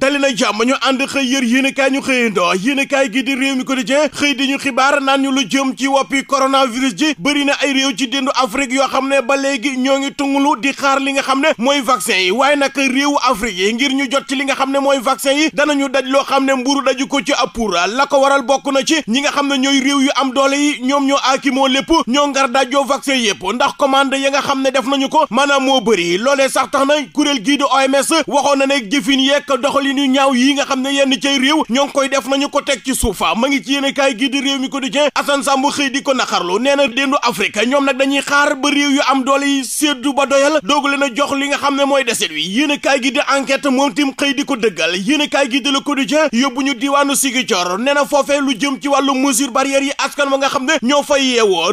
dali na jàmm ñu ànd xëy yër yéenekaay ñu xëyandoo yéenekaay gi di réew mi quotidien xëy di ñu xibaar naan ñu lu jëm ci woppi coronavirus ji bëri na ay réew ci déndu Afrique yoo xam ne ba léegi ñoo ngi tungulu di xaar li nga xam ne mooy vaccin yi waaye nag réewu Afrique yi ngir ñu jot ci li nga xam ne mooy vaccin yi danañu daj loo xam ne mburu daju ko ci apura la ko waral bokk na ci ñi nga xam ne ñooy réew yu am doole yi ñoom ñoo aakimoo lépp ñoo ngar dajjoo vaccin yëpp ndax commande ya nga xam ne def nañu ko maanaam moo bëri loolee sax tax na kuréel gii di OMS waxoon na ne jëfin yeek doxali doxalin yu ñaaw yi nga xam ne yenn cay réew ñoo ngi koy def nañu ko teg ci suufa ma ngi ci yéen gi di réew mi quotidien Assane xëy di ko naqarlu nee na déndu Afrique ñoom nag dañuy xaar ba réew yu am doole yi séddu ba doyal doogu leen a jox li nga xam ne mooy deset wi yéen kaay gi di enquête moom tim xëy di ko dëggal yéen kaay gi di le quotidien yóbbu ñu diwaanu Ziguinchor nee na foofee lu jëm ci wàllu mesure barrière yi askan wa nga xam ne ñoo fay yeewoo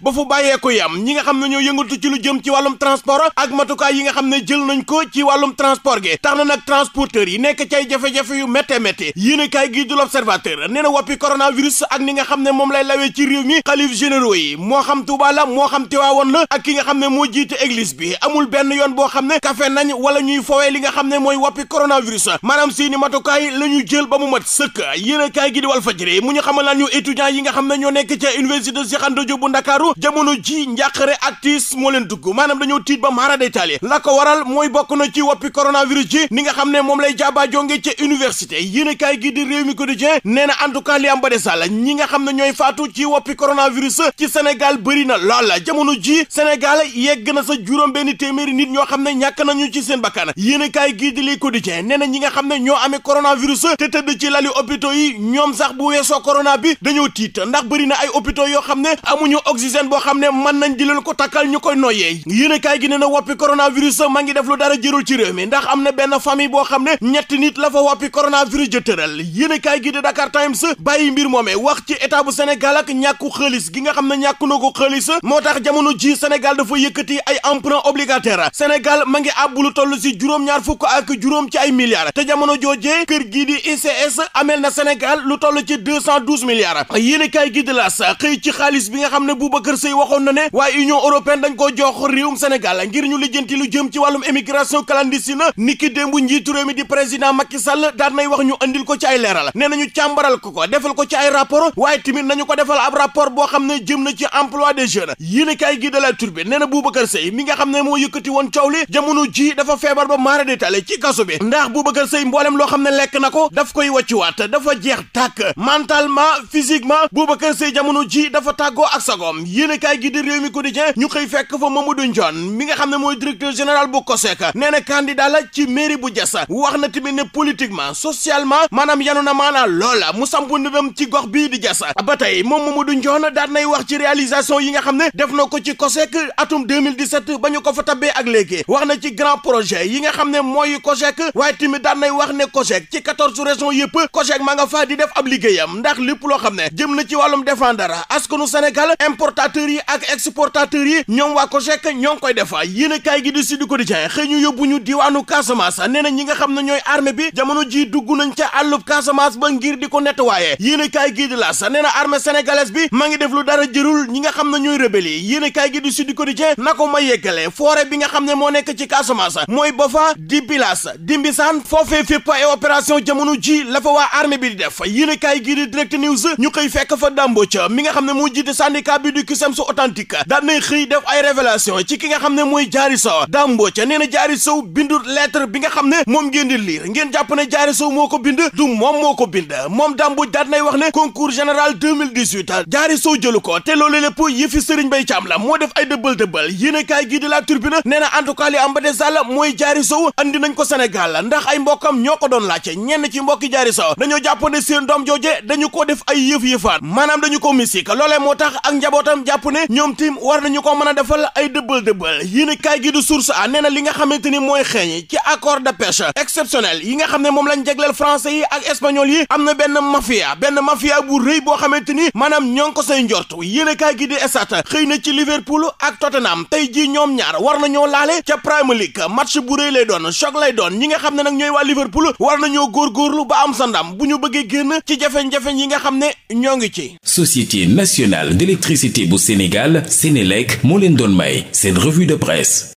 ba fu bàyyeeku yam ñi nga xam ne ñoo yëngatu ci lu jëm koor tax na nag transporteurs yi nekk cay jafe-jafe yu métte métti yéen kaay gi l'observateur nee na woppi coronavirus ak ni nga xam ne moom lay lawee ci réew mi xalif généraux yi moo xam Tuuba la moo xam Tiwaawoon la ak ki nga xam ne moo jiite église bi amul benn yoon boo xam ne kafe nañ wala ñuy fowee li nga xam ne mooy woppi coronavirus maanaam seeni matukaay la ñu jël ba mu mat sëkk yéen kaay gi di Walf Fadjri mu ñu xamal laan ñu étudiants yi nga xam ne ñoo nekk ca université Cheikh Anta Diop bu Ndakaaru jamono ji njàqare ak tiis moo ba maara day taali la ko waral coronavirus ji ni nga xam ne moom lay jaaba jonge ca université yéenekaay gi di réew mi quotidien nee na en tout cas li am ba desal ñi nga xam ne ñooy faatu ci woppi coronavirus ci Sénégal bëri na lool jamono ji Sénégal yegg na sa juróom benn téeméeri nit ñoo xam ne ñàkk nañu ci seen bakkan yéenekaay gi di li quotidien nee na ñi nga xam ne ñoo amee coronavirus te tëdd ci lali hôpitaux yi ñoom sax bu weesoo corona bi dañoo tiit ndax bëri na ay hôpitaux yoo xam ne amuñu oxygène boo xam ne mën nañ di leen ko takkal ñu koy noyyee kaay gi nee na woppi coronavirus ma ngi def dara jërul ci réew mi ndax am na benn famille boo xam ne ñetti nit la fa woppi coronavirus ja tëral yéen a kaay gi de Dakar Times bàyyi mbir moomee wax ci état bu Sénégal ak ñàkku xaalis gi nga xam ne ñàkku ko xaalis moo tax jamono ji Sénégal dafa yëkkati ay emprunt obligataire Sénégal ma ngi àbb lu toll si juróom-ñaar fukk ak juróom ci ay milliards te jamono joojee kër gii di ICS amel na senegal lu toll ci deux cent douze milliards yéen a kaay gi de L'As xëy ci xaalis bi nga xam ne Boubacar Seye waxoon na ne waaye Union européenne dañ ko jox réewum Sénégal ngir ñu lijjanti lu jëm ci wàllum émigration clandestine niki dem bu réew mi di président Macky Sall daan nay wax ñu andil ko ci ay leeral nee nañu càmbaral ko ko defal ko ci ay rapport waaye tamit nañu ko defal ab rapport boo xam ne jëm na ci emploi des jeunes yéen kay gi de la turbi nee woon coow li jamono ji dafa feebar ba maara détaillé mboolem loo xam ne lekk na ko daf koy wàccuwaat dafa jeex tàkk mentalement physiquement Boubacar Seye jamono ji dafa tàggoo ak sagoom yéen kay gi di réew mi quotidien ñu xëy fekk fa Mamadou Ndione mi nga xam ne mooy directeur général bu COSEC nee ci mairie bu Diass wax na tamit ne politiquement socialement maanaam yanu na maanaa loola mu samp ndëndam ci gox bii di Diass ba tey moom Mamadou Ndione daan wax ci réalisation yi nga xam ne def na ko ci COSEC atum 2017 ba ñu ko fa tabbee ak léegi wax na ci grand projet yi nga xam ne mooy COSEC waaye tamit daan nay wax ne COSEC ci 14 régions yëpp COSEC ma nga faa di def ab liggéeyam ndax lépp loo xam ne jëm na ci wàllum défendre askanu Sénégal importateurs yi ak exportateurs yi ñoom waa COSEC ñoo ngi koy defa yéen a kaay gi di Sud Quotidien xëy ñu yóbbu Casamance nee ñi nga xam ne ñooy armée bi jamono ji dugg nañ ca àllub ba ngir di ko nettoyé yéen kaay gii di laas nee na armée sénégalaise bi ma ngi def lu dara jërul ñi nga xam ne ñooy rebelle yi yéen kaay gii di Sud Quotidien na ko ma bi nga xam ne moo nekk ci Casamance mooy Boffa di Bilaas di Mbisaan foofee fépp ay opération jamono ji la fa waa armée bi di def yéen kaay gii di Direct News ñu xëy fekk fa Dambo Ca mi nga xam ne moo jiite syndicat bi du CUSEMS authentique daan nay xëy ki nga xam ne mooy Diary Sow Dambo Ca nee na Diary Sow bindut lettre bi nga xam ne moom ngeen di lire ngeen jàpp ne Diary Sow moo ko bind du moom moo ko bind moom Dame daat nay wax ne concours général 2018 Diary Sow jëlu ko te loolu lépp yëfi Serigne Mbaye Thiam la moo def ay dëbbal dëbbal yéen kaay gii de la Tribune nee na en tout cas li am ba des daal mooy Diary Sow andi nañ ko Sénégal ndax ay mbokkam ñoo ko doon laajte ñenn ci mbokki Diary Sow dañoo jàpp ne seen doom jooje dañu ko def ay yëf yëfaan maanaam dañu ko misik l moo tax ak njabootam jàpp ne ñoom tim war nañu ko mën a defal ay dëbbal dëbbal yéen kaay gii du source li nga xamante ni mooy xeeñ ci accord de pêche exceptionnel yi nga xam ne moom lañ jagleel français yi ak espagnol yi am na benn mafia benn mafia bu rëy boo xamante ni maanaam ñoo ngi ko say njort yéenekaay gi di Stades xëy na ci Liverpool ak Tottenham tey jii ñoom ñaar war na nañoo laale ca Premier League match bu rëy lay doon choc lay doon ñi nga xam ne nag ñooy waa Liverpool war góor góorgóorlu ba am sa ndam bu ñu bëggee génn ci jafe-jafe yi nga xam ne ñoo ngi ci. Société nationale d'électricité bu Sénégal Sénélec moo leen doon may seen revue de presse.